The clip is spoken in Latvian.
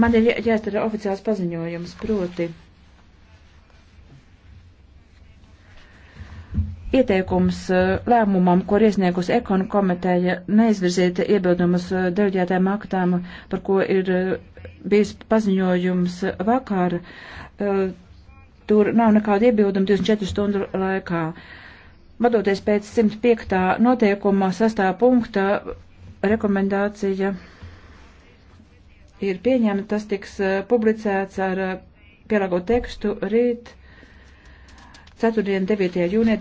Man ir jāizdara oficiāls paziņojums, proti. Ieteikums eh, lēmumam, ko ir iesniegusi ekonu komiteja, neizvirzīt iebildumus eh, deleģētām aktām, par ko ir eh, bijis paziņojums vakar, tur nav nekāda iebilduma 24 stundu laikā. Vadoties pēc 105. noteikuma sastāv punkta rekomendācija ir pieņemta, tas tiks eh, publicēts ar eh, pielāgo tekstu rīt, 4. un 9. jūnijā.